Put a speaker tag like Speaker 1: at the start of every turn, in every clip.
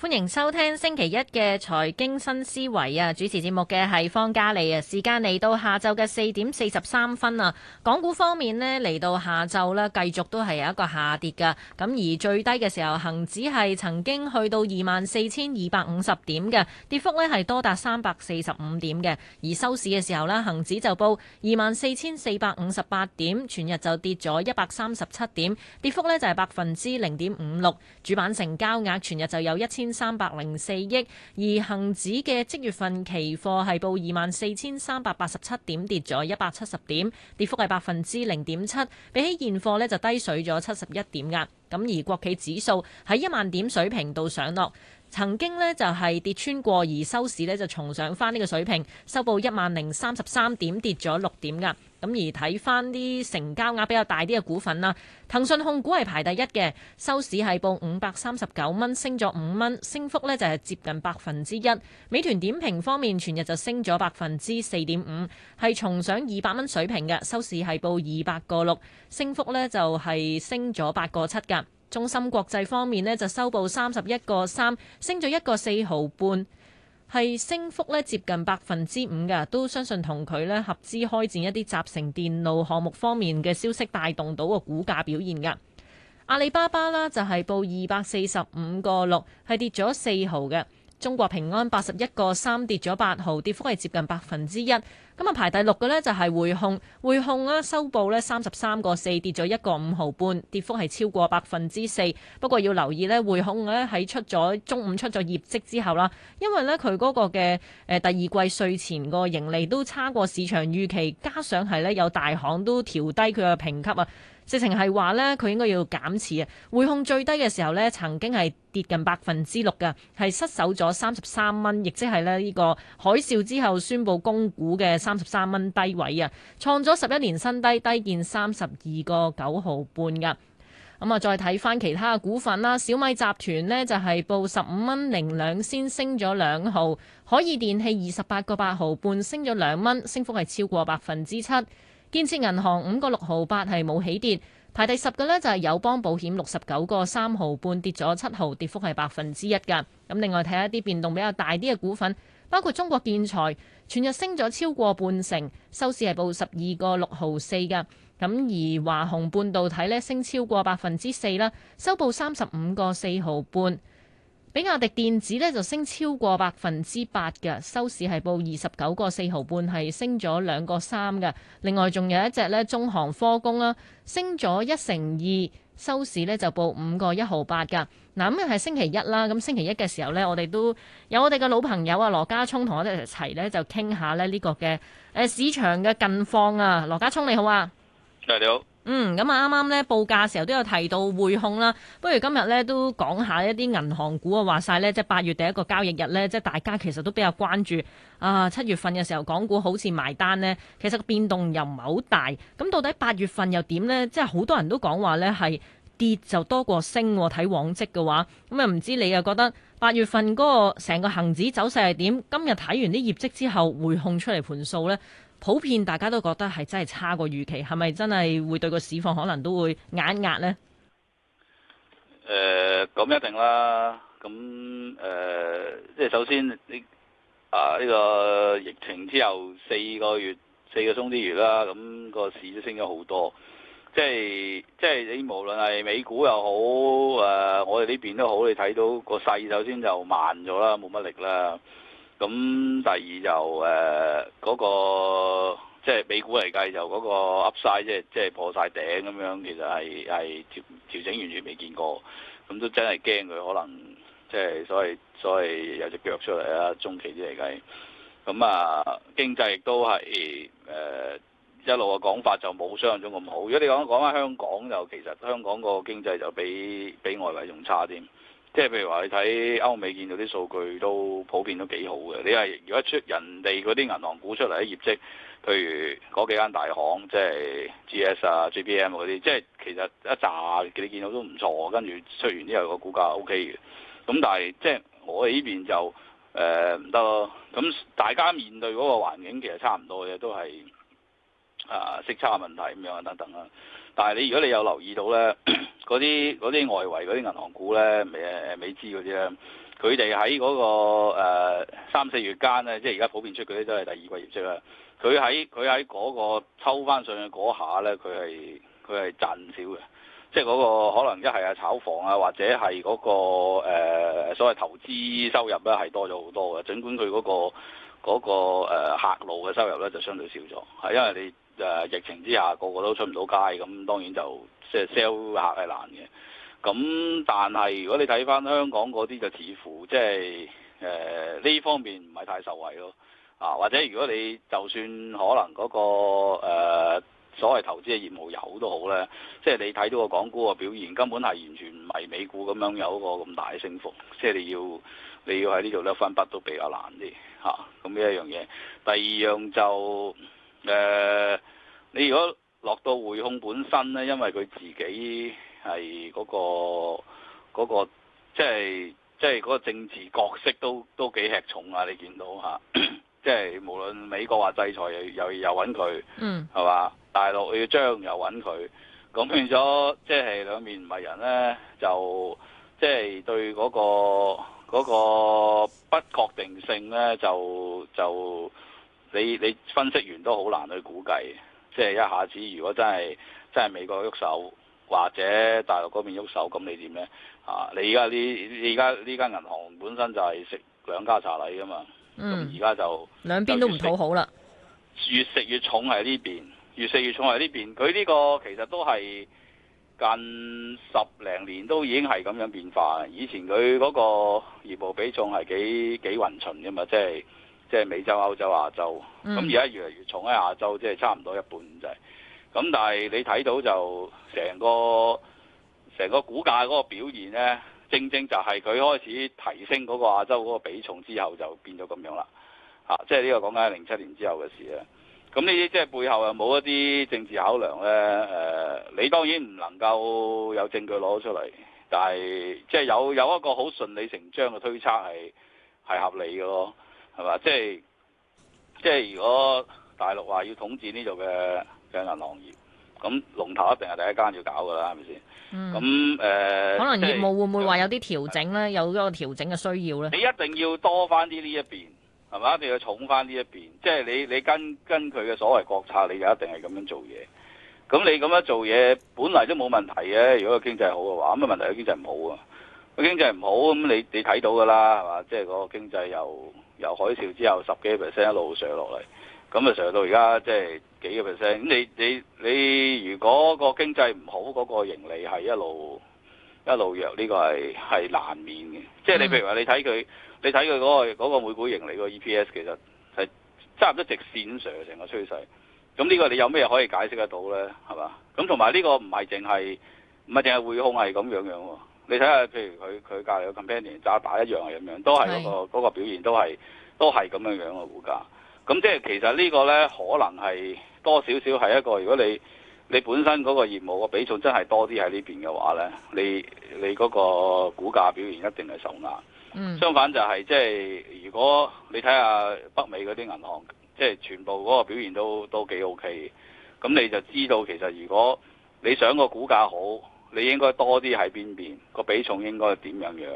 Speaker 1: 歡迎收聽星期一嘅財經新思維啊！主持節目嘅係方嘉莉啊！時間嚟到下晝嘅四點四十三分啊！港股方面呢，嚟到下晝呢，繼續都係有一個下跌噶。咁而最低嘅時候，恒指係曾經去到二萬四千二百五十點嘅，跌幅呢係多達三百四十五點嘅。而收市嘅時候呢，恒指就報二萬四千四百五十八點，全日就跌咗一百三十七點，跌幅呢就係百分之零點五六。主板成交額全日就有一千。三百零四億，而恒指嘅即月份期貨係報二萬四千三百八十七點，跌咗一百七十點，跌幅係百分之零點七，比起現貨呢，就低水咗七十一點㗎。咁而國企指數喺一萬點水平度上落，曾經呢就係跌穿過，而收市呢，就重上返呢個水平，收報一萬零三十三點，跌咗六點㗎。咁而睇翻啲成交額比較大啲嘅股份啦，騰訊控股係排第一嘅，收市係報五百三十九蚊，升咗五蚊，升幅呢就係接近百分之一。美團點評方面，全日就升咗百分之四點五，係重上二百蚊水平嘅，收市係報二百個六，升幅呢就係升咗八個七㗎。中芯國際方面呢，就收報三十一個三，升咗一個四毫半。係升幅咧接近百分之五㗎，都相信同佢咧合資開展一啲集成電路項目方面嘅消息帶動到個股價表現㗎。阿里巴巴啦就係報二百四十五個六，係跌咗四毫嘅。中國平安八十一個三跌咗八毫，跌幅係接近百分之一。咁啊，排第六嘅呢，就係匯控，匯控啦收報呢，三十三個四，跌咗一個五毫半，跌幅係超過百分之四。不過要留意呢，匯控呢喺出咗中午出咗業績之後啦，因為呢，佢嗰個嘅誒第二季稅前個盈利都差過市場預期，加上係呢，有大行都調低佢嘅評級啊。直情係話呢，佢應該要減持啊！匯控最低嘅時候呢，曾經係跌近百分之六嘅，係失守咗三十三蚊，亦即係呢呢個海嘯之後宣布供股嘅三十三蚊低位啊，創咗十一年新低，低見三十二個九毫半噶。咁啊，再睇翻其他嘅股份啦，小米集團呢，就係報十五蚊零兩先升咗兩毫，海爾電器二十八個八毫半升咗兩蚊，升幅係超過百分之七。建設銀行五個六毫八，係冇起跌，排第十嘅呢就係友邦保險六十九個三毫半跌咗七毫，跌幅係百分之一㗎。咁另外睇下一啲變動比較大啲嘅股份，包括中國建材全日升咗超過半成，收市係報十二個六毫四㗎。咁而華虹半導體呢，升超過百分之四啦，收報三十五個四毫半。比亞迪電子咧，就升超過百分之八嘅，收市係報二十九個四毫半，係升咗兩個三嘅。另外仲有一隻咧，中航科工啦，升咗一成二，收市咧就報五個一毫八嘅。嗱，咁又係星期一啦，咁星期一嘅時候咧，我哋都有我哋嘅老朋友啊羅家聰同我哋一齊咧就傾下咧呢個嘅誒市場嘅近況啊。羅家聰你好啊，
Speaker 2: 你好。
Speaker 1: 嗯，咁、嗯、啊，啱啱咧報價嘅時候都有提到匯控啦，不如今日咧都講下一啲銀行股啊，話晒咧，即係八月第一個交易日咧，即係大家其實都比較關注啊。七月份嘅時候，港股好似埋單呢，其實個變動又唔係好大。咁到底八月份又點呢？即係好多人都講話咧係跌就多過升，啊，睇往績嘅話，咁啊唔知你又覺得八月份嗰個成個恆指走勢係點？今日睇完啲業績之後，匯控出嚟盤數咧？普遍大家都覺得係真係差過預期，係咪真係會對個市況可能都會壓壓呢？誒、
Speaker 2: 呃，咁一定啦。咁誒、呃，即係首先你啊呢個疫情之後四個月、四個鐘之餘啦，咁個市都升咗好多。即係即係你無論係美股又好，誒、呃、我哋呢邊都好，你睇到個勢首先就慢咗啦，冇乜力啦。咁第二就誒、是、嗰、呃那個即係美股嚟計就嗰個 Upside 即係即係破晒頂咁樣，其實係係調調整完全未見過，咁都真係驚佢可能即係所謂所謂有隻腳出嚟啦，中期啲嚟計，咁啊經濟亦都係誒一路嘅講法就冇想像中咁好，如果你講講翻香港就其實香港個經濟就比比外圍仲差啲。即係譬如話，你睇歐美見到啲數據都普遍都幾好嘅。你係如果出人哋嗰啲銀行股出嚟嘅業績，譬如嗰幾間大行，即、就、係、是、GS 啊、JPM 嗰啲，即係其實一紮你見到都唔錯，跟住出完之後個股價 OK 嘅。咁但係即係我喺呢邊就誒唔得咯。咁、呃、大家面對嗰個環境其實差唔多嘅，都係啊、呃、息差問題咁樣等等啦。但係你如果你有留意到咧。 嗰啲嗰啲外圍嗰啲銀行股咧，誒誒美資嗰啲咧，佢哋喺嗰個呃、三四月間咧，即係而家普遍出嘅咧都係第二季業績啦。佢喺佢喺嗰個抽翻上去嗰下咧，佢係佢係賺少嘅，即係嗰個可能一係啊炒房啊，或者係嗰個、呃、所謂投資收入咧係多咗好多嘅，儘管佢嗰個。嗰個誒客路嘅收入咧就相對少咗，係因為你誒疫情之下個個都出唔到街，咁當然就即係 sell 客係難嘅。咁但係如果你睇翻香港嗰啲，就似乎即係誒呢方面唔係太受惠咯啊！或者如果你就算可能嗰個誒所謂投資嘅業務有都好咧，即係你睇到個港股嘅表現，根本係完全唔係美股咁樣有一個咁大嘅升幅，即係你要你要喺呢度攞分筆都比較難啲。嚇，咁呢一樣嘢。第二樣就誒、呃，你如果落到匯控本身咧，因為佢自己係嗰、嗰個即係即係嗰個政治角色都都幾吃重啊！你見到嚇，即、啊、係、 即係、無論美國話制裁又又揾佢，嗯，係嘛？大陸要將又揾佢，咁變咗即係兩面唔係人咧，就即係、即係、對嗰、嗰個。嗰個不確定性呢，就就你你分析完都好難去估計，即係一下子如果真係真係美國喐手，或者大陸嗰邊喐手，咁你點呢？啊，你而家呢？而家呢間銀行本身就係食兩家茶禮噶嘛，
Speaker 1: 咁而家就兩邊都唔討好啦。
Speaker 2: 越食越重喺呢邊，越食越重喺呢邊。佢呢個其實都係。近十零年都已經係咁樣變化，以前佢嗰個業務比重係幾幾勻循嘅嘛，即係即係美洲、歐洲、亞洲嗯、越越亞洲，咁而家越嚟越重喺亞洲，即係差唔多一半就係、是。咁但係你睇到就成個成個股價嗰個表現咧，正正就係佢開始提升嗰個亞洲嗰個比重之後就變咗咁樣啦，嚇、啊！即係呢個講緊零七年之後嘅事啊。咁呢啲即係背後又冇一啲政治考量咧？誒、呃，你當然唔能夠有證據攞出嚟，但係即係有有一個好順理成章嘅推測係係合理嘅咯，係嘛？即係即係如果大陸話要統治呢度嘅金融行業，咁龍頭一定係第一間要搞㗎喇，係咪先？咁誒、嗯，呃、可能業務是
Speaker 1: 會唔會話有啲調整咧？的有嗰個調整嘅需要咧？你
Speaker 2: 一定要多翻啲呢一邊。係嘛？一定要重翻呢一邊，即係你你跟跟佢嘅所謂國策，你就一定係咁樣做嘢。咁你咁樣做嘢，本嚟都冇問題嘅。如果個經濟好嘅話，咁啊問題係經濟唔好啊。個經濟唔好咁，你你睇到㗎啦，係嘛？即係個經濟由由海嘯之後十幾個 percent 一路上落嚟，咁啊上到而家即係幾個 percent。咁你你你如果個經濟唔好，嗰個盈利係一路。一路弱呢、呢個係係難免嘅，即係你、嗯、譬如話你睇佢，你睇佢嗰個每股盈利個 E P S 其實係差唔多直線上成個趨勢，咁呢個你有咩可以解釋得到咧？係嘛？咁同埋呢個唔係淨係唔係淨係匯控係咁樣樣喎，你睇下譬如佢佢隔離嘅 company 渣打一樣係咁樣，都係嗰、嗰個、是個表現都係都係咁樣樣嘅股價，咁即係其實個呢個咧可能係多少少係一個如果你，你本身嗰個業務個比重真係多啲喺呢邊嘅話咧，你你嗰個股價表現一定係受壓。相反就係、是、即係如果你睇下北美嗰啲銀行，即係全部嗰個表現都都幾 OK，咁你就知道其實如果你想個股價好，你應該多啲喺邊邊個比重應該點樣樣，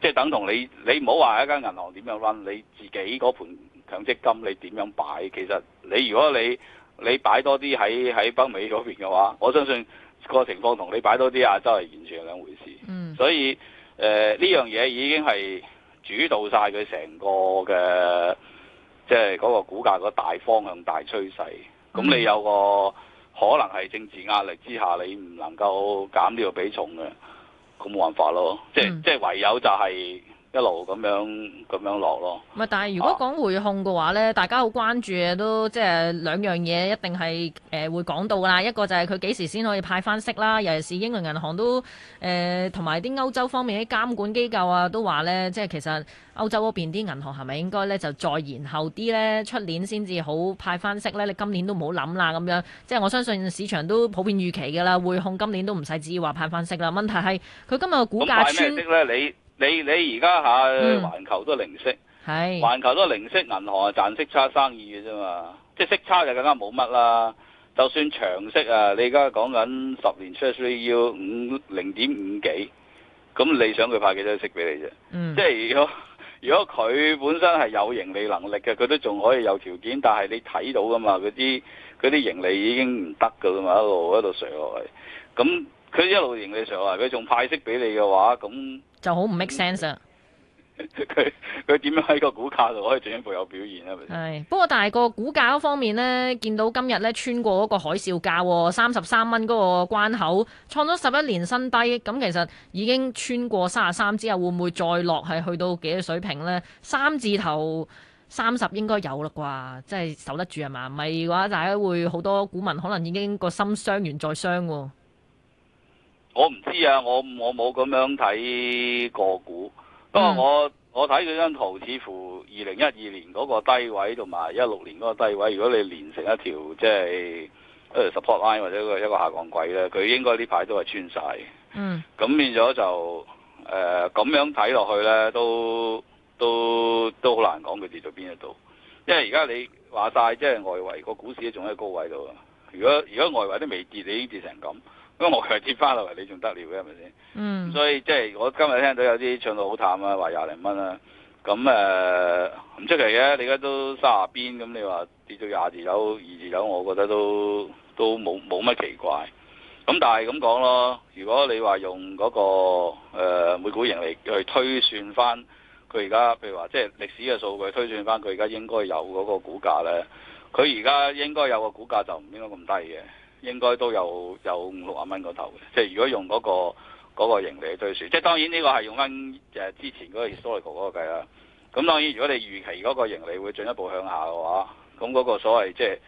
Speaker 2: 即係等同你你唔好話一間銀行點樣 run，你自己嗰盤強積金你點樣擺，其實你如果你你擺多啲喺喺北美嗰邊嘅話，我相信個情況同你擺多啲亞洲係完全兩回事。嗯、所以誒呢樣嘢已經係主導晒佢成個嘅，即係嗰個股價個大方向大趨勢。咁你有個可能係政治壓力之下，你唔能夠減呢個比重嘅，咁冇辦法咯。即係、嗯、即係唯有就係、係。一路咁樣咁樣落咯。
Speaker 1: 唔係，但係如果講匯控嘅話咧，大家好關注嘅都即係兩樣嘢一定係誒、呃、會講到㗎啦。一個就係佢幾時先可以派翻息啦？尤其是英倫銀行都誒，同埋啲歐洲方面啲監管機構啊，都話咧，即係其實歐洲嗰邊啲銀行係咪應該咧就再延後啲咧出年先至好派翻息咧？你今年都唔好諗啦咁樣。即係我相信市場都普遍預期㗎啦，匯控今年都唔使至於話派翻息啦。問題係佢今日股價穿
Speaker 2: 咧你。你你而家嚇環球都零息，是環球都零息，銀行啊賺息差生意嘅啫嘛，即係息差就更加冇乜啦。就算長息啊，你而家講緊十年 treasury 要五零點五幾，咁你想佢派幾多息俾你啫？嗯、即係如果如果佢本身係有盈利能力嘅，佢都仲可以有條件，但係你睇到噶嘛？嗰啲嗰啲盈利已經唔得噶啦嘛，一路一度上落去，咁佢一路盈利上落嚟，佢仲派息俾你嘅話，咁。
Speaker 1: 就好唔 make sense 啊！
Speaker 2: 佢佢點樣喺個股價度可以進一步有表現咧？係，
Speaker 1: 不過但係個股價方面呢，見到今日呢，穿過嗰個海嘯價三十三蚊嗰個關口，創咗十一年新低。咁其實已經穿過三十三之後，會唔會再落係去到幾嘅水平呢？三字頭三十，應該有啦啩，即係守得住係嘛？唔係嘅話，大家會好多股民可能已經個心傷完再傷喎、哦。
Speaker 2: 我唔知啊，我我冇咁樣睇個股，
Speaker 1: 不過、mm. 我
Speaker 2: 我睇佢張圖，似乎二零一二年嗰個低位同埋一六年嗰個低位，如果你連成一條即係 support line 或者一個一個下降軌咧，佢應該、mm. 呃、呢排都係穿晒。嗯。咁變咗就誒咁樣睇落去咧，都都都好難講佢跌到邊一度，因為而家你話晒，即係外圍個股市仲喺高位度啊。如果如果外圍都未跌，你已經跌成咁。因為我又跌翻落嚟，你仲得了嘅係咪先？嗯，所以即係我今日聽到有啲唱到好淡啊，話廿零蚊啊。咁誒唔出奇嘅，你而家都三十邊，咁你話跌到廿字頭、二字頭，我覺得都都冇冇乜奇怪。咁但係咁講咯，如果你話用嗰個誒每股盈利去推算翻佢而家，譬如話即係歷史嘅數據推算翻佢而家應該有嗰個股價咧，佢而家應該有個股價就唔應該咁低嘅。應該都有有五六萬蚊嗰頭嘅，即係如果用嗰、那個那個盈利去推算，即係當然呢個係用翻誒之前嗰個 Historical 嗰個計啦。咁當然，如果你預期嗰個盈利會進一步向下嘅話，咁嗰個所謂即係誒、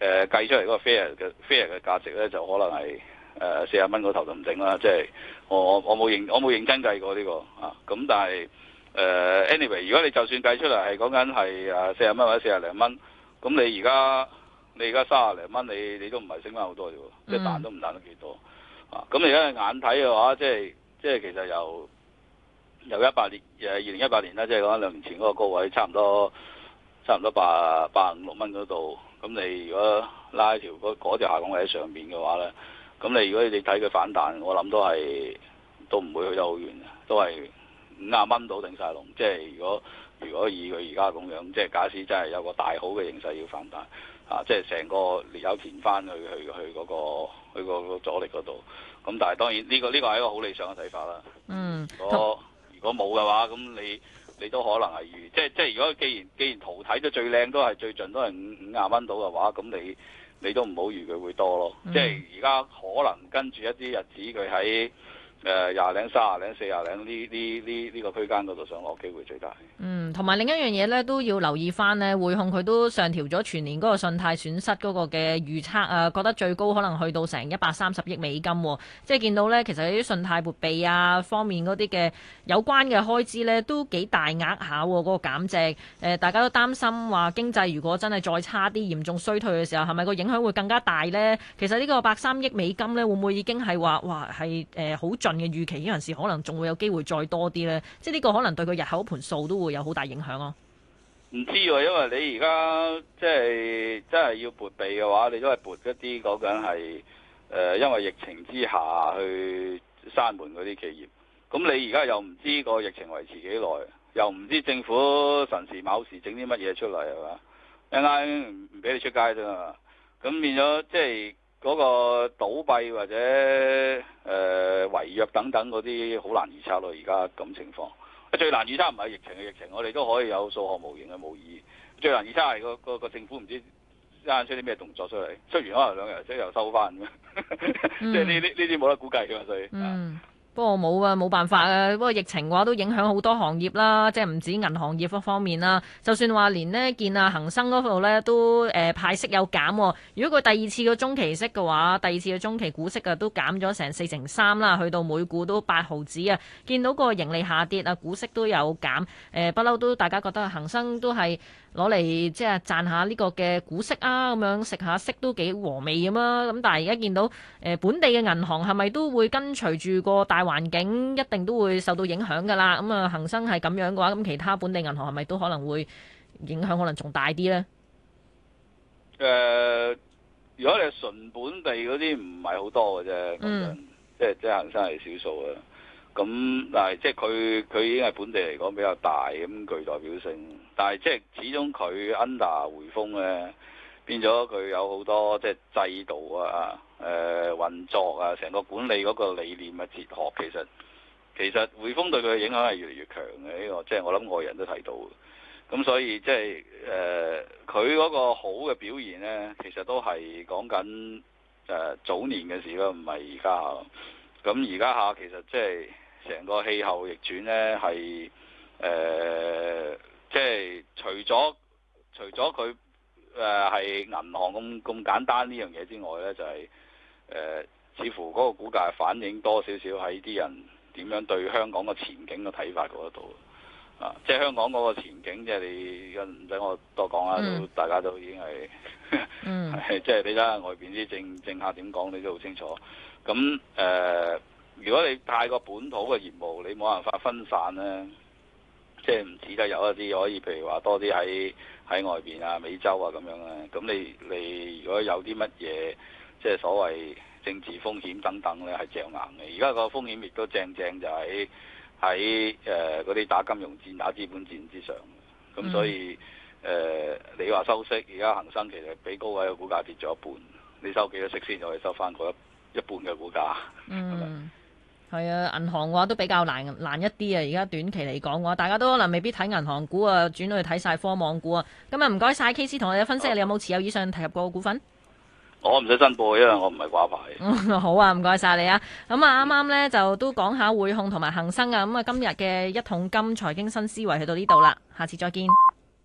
Speaker 2: 呃、計出嚟嗰個 fair 嘅 fair 嘅價值咧，就可能係誒四十蚊嗰頭同唔整啦。即係我我冇認我冇認真計過呢、這個啊。咁但係誒、呃、anyway，如果你就算計出嚟係講緊係誒四十蚊或者四十零蚊，咁你而家。你而家卅零蚊，你你都唔係升翻好多嘅喎、嗯，即係彈都唔彈得幾多。啊，咁你而家眼睇嘅話，即係即係其實由由一八年誒二零一八年啦，即係講兩年前嗰個高位差唔多差唔多百百五六蚊嗰度。咁你如果拉條嗰條下降喺上邊嘅話咧，咁你如果你睇佢反彈，我諗都係都唔會去得好遠，都係五廿蚊到頂晒籠。即係如果如果以佢而家咁樣，即係假使真係有個大好嘅形勢要反彈。啊！即係成個有填翻去去去嗰，嗰個去個阻力嗰度，咁但係當然呢、呢個呢、呢個係一個好理想嘅睇法啦。嗯如，如果如果冇嘅話，咁你你都可能係預即係即係如果既然既然圖睇到最靚都係最盡都係五五廿蚊到嘅話，咁你你都唔好預佢會多咯。嗯，即係而家可能跟住一啲日子佢喺。誒廿零、三廿零、四廿零呢？呢呢呢個區間度上落機會最大。
Speaker 1: 嗯，同埋另一樣嘢咧，都要留意返咧。匯控佢都上調咗全年嗰個信貸損失嗰個嘅預測，誒、啊、覺得最高可能去到成一百三十億美金、哦。即係見到呢，其實喺啲信貸撥備啊方面嗰啲嘅有關嘅開支呢，都幾大額下、哦。嗰、那個減值誒、呃，大家都擔心話經濟如果真係再差啲，嚴重衰退嘅時候，係咪個影響會更加大呢？其實呢個百三億美金呢，會唔會已經係話哇係誒好盡？嘅預期，啲人士可能仲會有機會再多啲呢，即係呢個可能對佢日後盤數都會有好大影響咯、
Speaker 2: 啊。唔知喎，因為你而家即係真係要撥備嘅話，你都係撥一啲講緊係誒，因為疫情之下去閂門嗰啲企業。
Speaker 1: 咁你而家
Speaker 2: 又唔知個疫情維持幾耐，又唔知政府神時某時整啲乜嘢出嚟係嘛？一啲唔俾你出街啫嘛。咁變咗即係。嗰個倒閉或者誒、呃、違約等等嗰啲好難預測咯，而家咁情況。最難預測唔係疫情嘅疫情，我哋都可以有數學模型嘅模擬。最難預測係個個個政府唔知掙出啲咩動作出嚟，出完可能兩日即又收翻咁樣，即係呢啲呢啲冇得估計嘅嘛，所以。嗯。
Speaker 1: Mm. 不過冇啊，冇辦法啊。不過疫情嘅話都影響好多行業啦，即係唔止銀行業方面啦。就算話連呢間啊恆生嗰度呢都誒派息有減。如果佢第二次個中期息嘅話，第二次嘅中期股息啊都減咗成四成三啦，去到每股都八毫子啊。見到個盈利下跌啊，股息都有減。誒不嬲都大家覺得恒生都係攞嚟即係賺下呢個嘅股息啊，咁樣食下息都幾和味咁啊。咁但係而家見到誒本地嘅銀行係咪都會跟隨住個大環境一定都會受到影響噶啦，咁啊恒生係咁樣嘅話，咁其他本地銀行係咪都可能會影響，可能仲大啲呢？誒、
Speaker 2: 呃，如果你係純本地嗰啲，唔係好多嘅啫，咁樣即係即係恒生係少數啊。咁但係即係佢佢已經係本地嚟講比較大咁具代表性，但係即係始終佢 under 匯豐咧變咗佢有好多即係制度啊。誒運作啊，成個管理嗰個理念啊、哲學，其實其實匯豐對佢影響係越嚟越強嘅呢個，即係我諗外人都睇到。咁所以即係誒，佢嗰個好嘅表現呢，其實都係講緊誒早年嘅事啦，唔係而家。咁而家下其實即係成個氣候逆轉呢，係誒，即係除咗除咗佢誒係銀行咁咁簡單呢樣嘢之外呢，就係。誒、呃，似乎嗰個股價係反映多少少喺啲人點樣對香港嘅前景嘅睇法嗰度啊，啊！即係香港嗰個前景，即係你唔使我多講啦，都大家都已經係，即係你睇下外邊啲政政客點講，你都好清楚。咁誒、呃，如果你太過本土嘅業務，你冇辦法分散咧，即係唔止得有一啲可以，譬如話多啲喺喺外邊啊、美洲啊咁樣啊。咁你你，你如果有啲乜嘢？即係所謂政治風險等等咧，係正硬嘅。而家個風險亦都正正就喺喺誒嗰啲打金融戰、打資本戰之上。咁所以誒、呃，你話收息而家恒生其實比高位嘅股價跌咗一半，你收幾多息先就可以收翻嗰一一半嘅股價？嗯，
Speaker 1: 係吧啊，銀行嘅話都比較難難一啲啊。而家短期嚟講嘅話，大家都可能未必睇銀行股啊，轉到去睇晒科網股啊。今日唔該晒 KC 同我哋分析，你有冇持有以上提及過股份？啊。
Speaker 2: 我唔使申報，因為我唔
Speaker 1: 係掛牌。 好啊，唔該晒你啊。咁啊，啱啱呢就都講下滙控同埋恒生啊。咁、嗯、啊，今日嘅一桶金財經新思維去到呢度啦，下次再見。